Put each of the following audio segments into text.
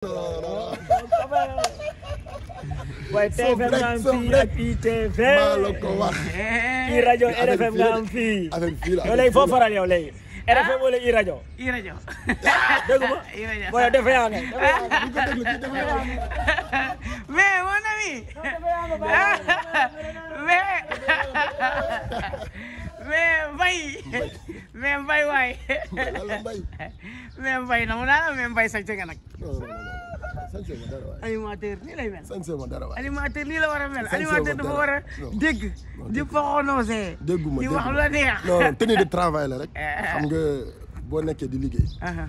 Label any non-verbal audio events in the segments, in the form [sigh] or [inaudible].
[laughs] waaye TFM nga am fii ak ITV maa la ko wax i rajo RFM nga am fii yow léegi foo faral yow léegi ah. RFM wala i rajo i rajo [laughs] dégg ma mooy defe yaa nga mais mon ami mais [laughs] mais Mbaye. mais Mbaye waay. mais Mbaye na mu daal mais Mbaye sañ nga nag. animateur nii lay mel. animateur nii la war a mel. animateur dafa war a dégg. di poxonoosee. dégguma di wax la neex. non tenue travail rek. [laughs] xam nga boo di liggéey. Uh-huh.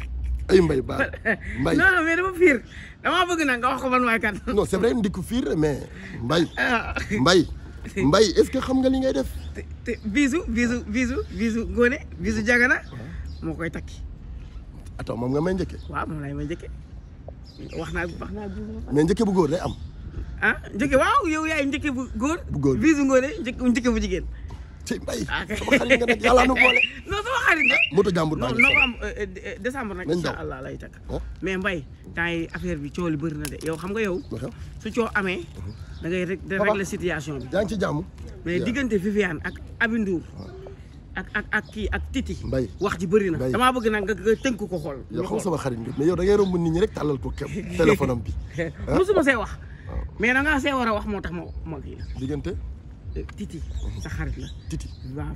ay mbay baal mbay [laughs] non non mais dama fiir dama bëgg nag nga wax ko man maay kan. non c'est vrai ndiku fiir mais mbay [laughs] ah. mbay mbay est-ce que xam nga li ngay def. te te bisu bisu bisu bisu góone bisu jagana moo koy takk attends moom nga may njëkke. waa moom laay may njëkke wax naa wax naa mais bu góor day am. ah njëkke waaw yow yaay njëkke bu góor. bu góor bisu ngóone njëkke bu jigéen. ci mbay. Ah, sama xarit nga nu [laughs] boole. xarit nga. Ah, moto jàmbur baa ngi am euh, euh, euh, décembre nag. incha allah lay takk oh. mais mbay temps affaire bi coow bëri na de yow xam nga yow. su coow amee. Uh-huh. da ngay rek da bi. yaa ngi ci mais diggante Viviane ak Abindour. Uh-huh. ak ak ak kii ak Titi. mbay wax ji bëri na. damaa bëgg nag nga tënk ko xool. yow xam yow da ngay romb nit ñi ko képp [laughs] téléphone am bi. see wax. mais da ngaa see war a wax moo tax ma ma kii. diggante. Titi uh-huh. sa xarit la. Titi waaw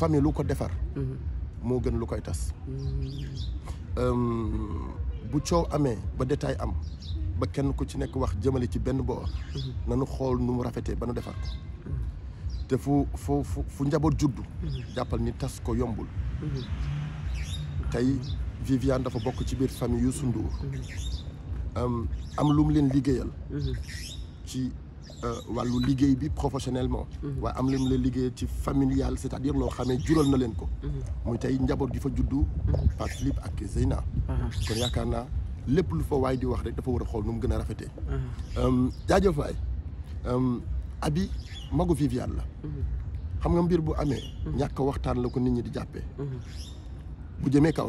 famille lu ko defar mhm. moo gën lu koy tas mhm. euh, bu coow amee ba détail am ba kenn ku ci nekk wax jëmale ci benn boor mhm. nanu xool nu mu rafetee ba nu defar ko te fu fu fu njaboot juddu jàppal ni tas ko yombul tey Viviane dafa bokk ci biir famille yu Ndour euh, am lu mu leen liggéeyal ci Euh, walu liguey bi professionnellement. Mhm. wa am lim le liguey ci familial c'est-à-dire lo xamé djural na len ko. Mhm. muy tay njabot gi fa juddu. Mhm. par ak Zeyna. Uh-huh. kon yakarna lepp lu fa way di wax rek dafa wara xol xool gëna mu euh djadjo fay euh abi magu vivial, la. xam nga mbir bu amé ñak waxtaan la ko nit ñi di jappé bu jëmé kaw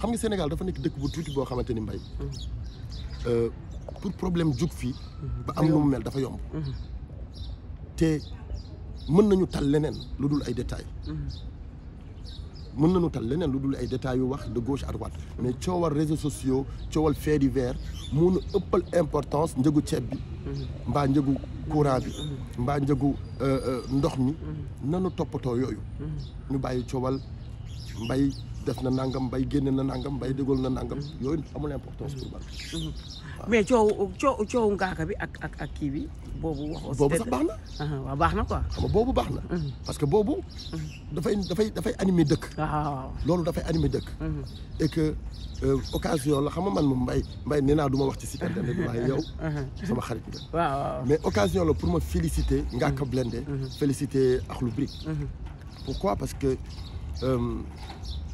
xam nga Sénégal dafa nekk dëkk bu tuuti boo xamante ni mbay euh, pour problème jug fii ba am lu mu mel dafa yomb te mën nañu tal leneen lu dul ay détails nañu tal leneen lu dul ay détails yu wax de gauche à droite mais coowal réseaux sociaux coowal fait divers moo nu ëppal importance njëgu ceeb bi mbaa njëgu courant bi mbaa njëgu euh, euh, ndox mi nanu toppatoo yooyu ñu bàyyi coowal mbay def na nangam mbay génne na nangam mbay dégal na nangam yooyu amul importance pour man. Mhm. mais coow coow coowu bi ak ak ak kii bi. boobu wax boobu sax baax na. baax na quoi. xam nga boobu baax na. Mhm. parce que boobu. dafay dafay dafay animé dëkk. Ah, ah, ah, waaw loolu dafay animé dëkk. Mhm. et que euh, occasion la xam nga man moom mbay mbay nee naa du ma wax ci site internet waaye yow. [laughs] sama xarit nga. [laughs] mais occasion la pour ma féliciter. Ngaaka Blindé. féliciter Akhlou Brick. pourquoi parce que. Euh,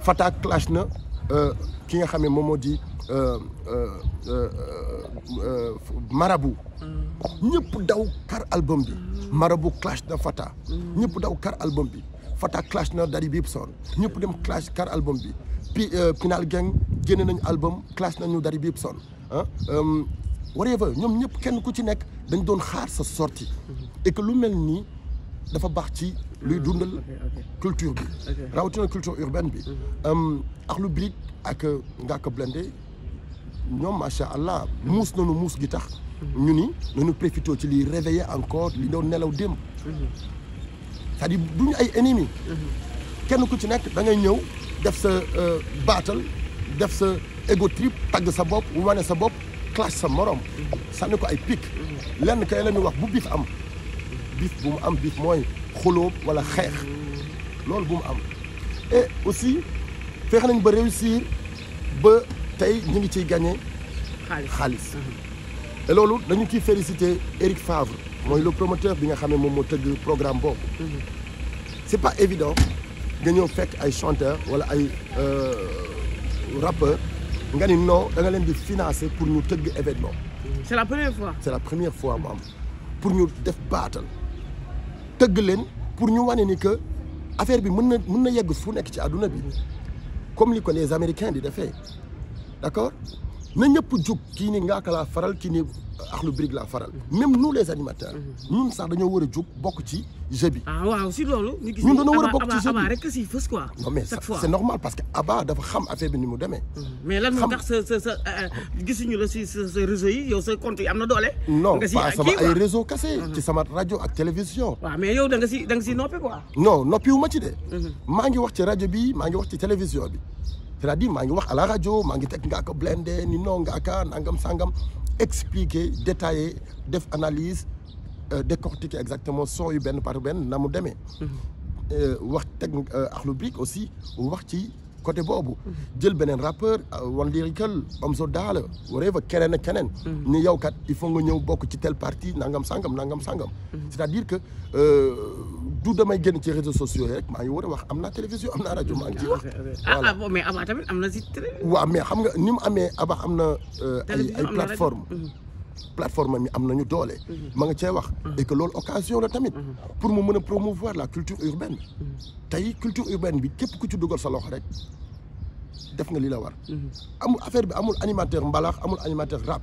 Fata clash na euh, ki nga xam ne moom moo di euh, euh, Marabu. ñëpp daw kar album bi. Marabu clash na Fata. ñëpp daw kar album bi. Fata clash na Dari Bibson ñëpp dem clash kar album bi. pi Pinal Gang génne nañu album clash nañu Dari Bibson son ah, whatever ñoom ñëpp kenn ku ci nekk dañ doon xaar sa sortie et lu mel nii. dafa une ci luy dundal culture bi la culture urbaine bi mhm. Akhlou Brick ak Blindé allah nous nañu gi mhm. ni réveiller encore li doon La mhm. c'est-à-dire ennemis ku ci nekk da ngay def sa euh, battle, trip clash sa morom pic lenn biif bu am biif moy xulóob wala xeex loolu boum am et aussi feex nañ ba réussir ba tay ñu ngi ci gagner khalis khalis mhm. et lolou dañu ci féliciter Eric Favre moy le promoteur bi nga xamé mom mo teug programme bop mhm. c'est pas évident nga fek ay chanteur wala ay euh rappeur nga ni non da nga leen di financer pour ñu teug événement c'est la première fois c'est la première fois mu pour ñu def baatal tëgg leen pour ñu wane ni que affaire bi mën na mën na yegg fu nekk ci àdduna bi comme li ko les américains di defee d'accord na ñëpp jug kii ni ngaaka laa faral kii ni axlu birig laa faral même nous les animateurs mhm. nous ça dañu war juk jug ci jeu bi ah waaw si loolu ñun dañoo war a bokk ci jeu rek si fës quoi non mais c'est normal parce que Abba dafa xam affaire bi ni mu démé mhm. mais lan moo ce ce sa sa euh, euh, gisuñu la ci ce réseau yi yow sa compte yi am na doole non pas sama ay réseau cassé mhm. ci sama radio ak télévision waaw mais yow da nga si da nga si nopi quoi non nopi wu ma ci dé maa ngi wax ci radio bi maa ngi wax ci télévision bi c'est-à-dire à la radio je ni non nangam sangam expliquer analyse euh, décortiquer exactement son yu par euh, euh, aussi côté bobu benen rappeur One Lyrical whatever la ni yow kat il faut nga parti nangam sangam nangam sangam. c'est-à-dire que du damay génn ci réseaux sociaux yi rek maa ngi war wax télévision am radio rajo wax. Ah, ah mais avant tamit am na si mais xam nga ni mu amee Aba am na. Euh, ay ay plateforme mhm. plateforme mi am nañu doole. Mhm. ma nga wax. Mhm. et que lool occasion la tamit. pour mu mën promouvoir la culture urbaine. tay culture urbaine bi képp ku ci duggal sa loxo rek. def nga li la war. amul affaire bi amul animateur mbalax amul animateur rap.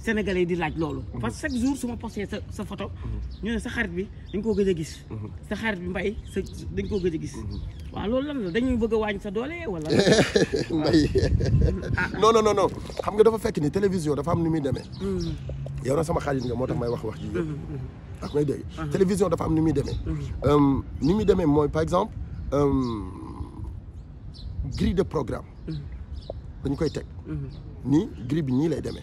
sénégalais di laaj loolu. Mhm. parce que chaque jour su ma posté sa sa photo. Mhm. ñoo ne sa xarit bi dañ koo gëj a gis. Mhm. sa xarit bi mbay sa dañ koo gëj a gis. waa loolu la dañuy bëgg a wàññi sa doole walla [laughs] mbay ah. non non non xam nga dafa fekk ni télévision dafa am ni muy demee. yow na sama xarit moo tax may wax wax ji yëpp. ndax ah, may dafa am ni muy demee. ni muy demee mooy par exemple gri de programme. dañ koy teg. ni grille bi ñii lay demee.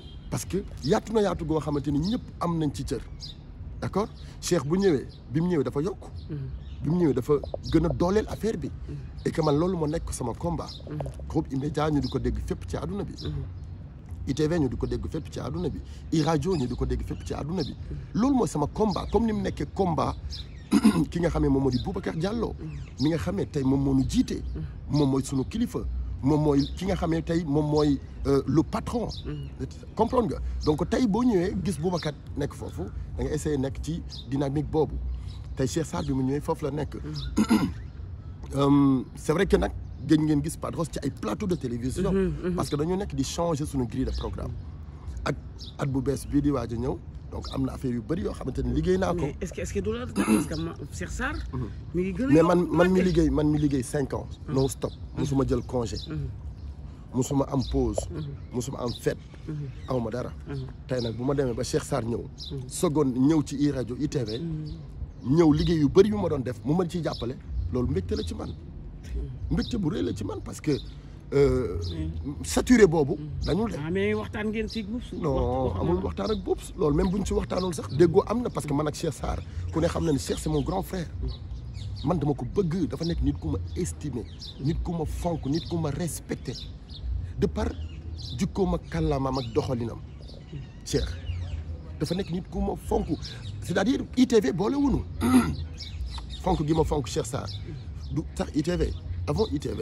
parce que yaatu na yaatu goo xamante ni am nañ ci cër d'accord Cheikh bu ñëwee bimu mu dafa yok bi mu ñëwee dafa mm-hmm. gëna dolel affaire bi mm-hmm. et que man loolu mo nekk sama combat mm-hmm. groupe immédiat ñu diko dégg fep ci aduna bi ITV ñu diko dégg fep ci aduna bi i radio ñu diko dégg fep ci aduna bi loolu mo sama combat comme ni mu nekkee combat [clears throat] ki nga xamé moom moo di Boubacar Diallo mi nga xamé tay moom moo nu jité mom moy sunu kilifa je suis euh, le patron. Mm-hmm. comprendre nga donc si vous ñëwee gis Boubacar da nga dynamique Cheikh mm-hmm. [coughs] euh, c'est vrai que vous avez ngeen gis plateau de télévision. Mm-hmm, parce que dañu nekk di changer grille de programme. ak at bu donc am na affaire yu bari yo xamanteni ni liggéey ko. est-ce que est-ce que du parce que Cheikh sar mhm. mi ngi gën mais man man mi liguey man mi liguey 5 ans. Mhm. non stop musuma jël congé. Mhm. musuma am pause. musuma am fête. aw dara. tay nak buma démé ba Cheikh sar ñëw. seconde ñëw ci i radio i tv ñëw liguey yu bari yu ma don def mu mën ci jappalé loolu mbégte la ci man. mbégte bu rëy la ci man parce que. Euh, saturé suis dañu le ah, mais waxtan ngeen si non amul waxtan ak Je même si parce que Cheikh xam Cheikh c'est mon grand frère. man dama ko bëgg dafa nit estimé nit de par je suis un ak doxalinam Cheikh dafa que nit kuma c'est-à-dire ITV [clears throat] fonk Cheikh du ITV avant ITV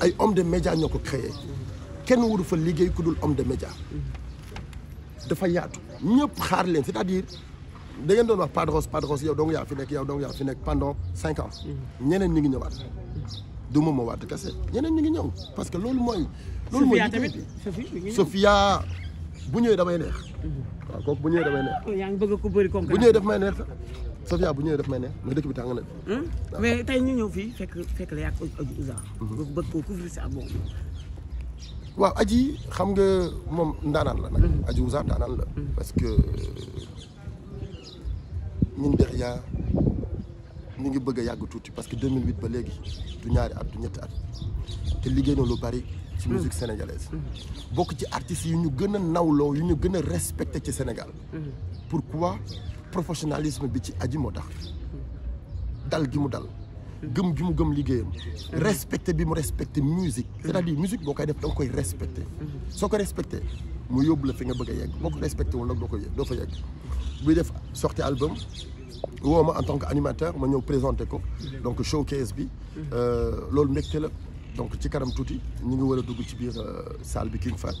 ay homme de média ñoo ko créé kenn waru fa liggéey ku dul homme de média dafa yaatu ñëpp xaar leen c'est-à-dire da ngeen doon wax padros padros yow dong yaa fi nekk yow dong yaa fi nekk pendant cinq ans ñeneen ñi ngi ñëwaat du moom moo waat kese ñeneen ñi ngi ñëw parce que loolu mooy loolu mooy liggéey Sofia bu ñëwee damay neex waaw kooku bu ñëwee damay neex bu ñëwee daf may neex Safia bu ñëw daf may ne mais dëkk bi hmm? mais tay ñu ñëw que fekk fekk la yàgg hmm. Adji bu bëgg ko couvrir ci ab waaw xam nga la hmm. parce que ñun derrière ñu ngi bëgg parce que 2008 ba légui du ñaari at du at musique sénégalaise. bokk ci artistes yu ñu gëna a ñu gëna Sénégal. pourquoi professionnalisme bi ci aji dalgi tax dal gi mu dal gëm gi mu gëm liggéeyam respecter bi mu respecter musique c'est-à-dire musique bokay def da koy respecter soko respecter mu yóbbu fi nga bëgg yegg boo respecter nak do fa yegg def sorti album woo en tant qu'animateur ma ñëw présenter ko donc showcase bi euh, lool mbégte la donc ci karam touti ñi nga war a dugg ci biir euh, salle bi King Fat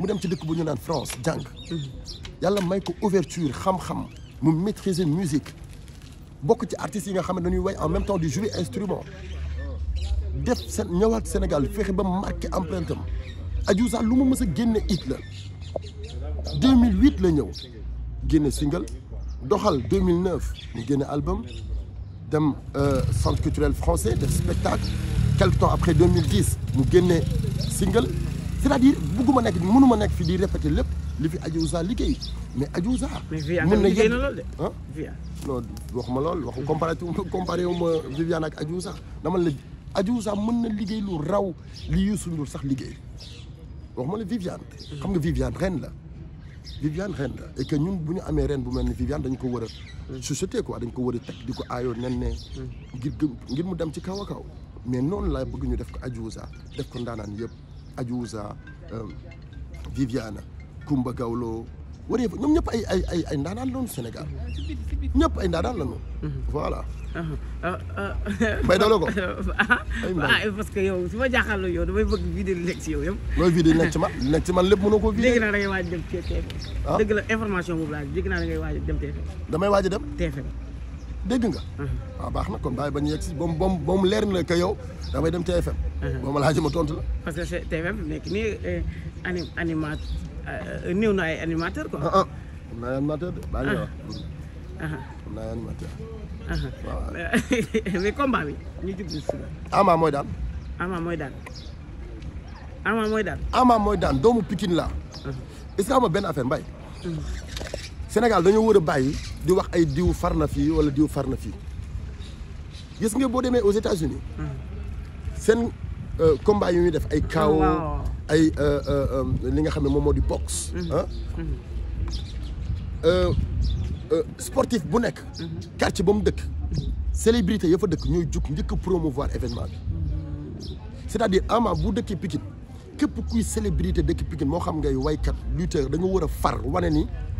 mu dem ci dëkk bu ñu naan France jang yalla may ko ouverture xam-xam mu maîtriser musique bokku ci artiste yi nga xam dañuy way en même temps di jouer instrument def seen ñëwaat Sénégal fexé ba marqué empreinte am Adiouza lu mu mësa génné hit la 2008 la ñëw génné single doxal 2009 mu génné album dem euh, centre culturel français des spectacle quelque temps après 2010 mu gagnons single cest à ma nekk nekk ma nekk fi di répéter lépp li fi Adiouza liggéey mais Adiouza. mën na yegg ah non waxuma lool waxu comparatif comparé wu ma Viviane ak Adiouza dama la Adiouza mën na liggéey lu raw li Youssou Ndour sax liggéey waxuma la Viviane. xam nga Viviane ren la. Viviane ren la et que ñun bu ñu amee ren bu mel ni Viviane dañ ko war a. société quoi dañ ko war a teg di ko aayoo nen ne. ngir ngir mu dem ci kaw a kaw. mais noonu laa bëgg ñu def ko Adiouza def ko ndaanaan yëpp. Adiouza euh, Viviane Kumba Gawlo waree fa ñoom ñëpp ay ay ay ay ndaanaan loonu Sénégal ñëpp ay ndaanaan la ñu. voilà. Uh-huh. mbay doole ko. Uh-huh. Ah, parce que yow su ma jaaxaloo yow damay bëgg vidéo li nekk ci yow yëpp. loolu vidéo nekk ci man nekk ci man lépp mënoo koo. vidéo dégg naa da waaj dem ah? damay waaj dem TFM. dégg nga. Mm-hmm. Ah, baax na kon bàyyi ba ñu yegg si ba mu ba leer na que yow damay dem TFM. Mm-hmm. ba ma laajee ma tontu la. parce que TFM nekk nii eh, anim animat euh, néew na animateur quoi. ah ah animateur de bàyyi la wax. Ah. Ah. am animateur. waaw [laughs] mais combat bi ñu jublu si la. Ama mooy daan. Ama mooy daan. Ama mooy daan. Ama mooy daan doomu Pikine laa. Mm-hmm. est-ce que benn affaire mbay. Sénégal dañoo war a bàyyi di wax ay diw far na fii wala diw far na fii gis nga boo demee aux États-Unis seen euh, combat yu ñuy def ay KO ah, ay euh, euh, li nga xam ne moom moo di boxe mm-hmm. ah mm-hmm. sportif bu nekk mm-hmm. quartier ba mu dëkk célébrité ya fa dëkk ñooy jukk njëkk promouvoir événement bi c'est-à-dire ama bu dëkkee Pikine képp kuy célébrité dëkk Pikine moo xam ngay waykat lutteur da nga war a far wane ni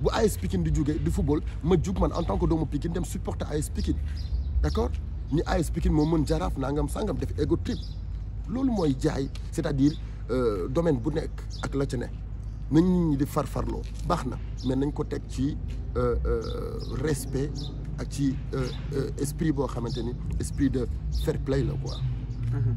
bu AS Pikine di jóge di football ma jug man en tant que doomu Pikine dem supporter AS Pikine d'accord ni AS Pikine moo mën jaraaf nangam sangam def ego trip loolu mooy jaay c'est-à-dire euh, domaine bu nekk ak la ca ne nañ nit ñi di farfarloo baax na mais nañ ko teg ci euh, euh, respect ak ci esprit boo xamante ni esprit de fair play la quoi. Mm-hmm.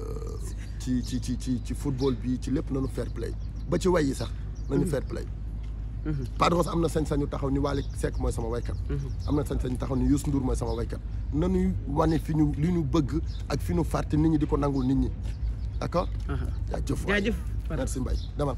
ci ci ci ci ci football bi ci lépp nañu fair play ba ci way yi sax nañu fair play mhm. Padros am na sañ-sañu taxaw ni Wally sekk mooy sama waykat mhm. am na sañ-sañu taxaw ni Youssou Ndour mooy sama waykat nañuy wane fi ñu li ñu bëgg ak fi ñu fàtte nit ñi di ko nangu nit ñi d'accord jaajëf waay si mbay demal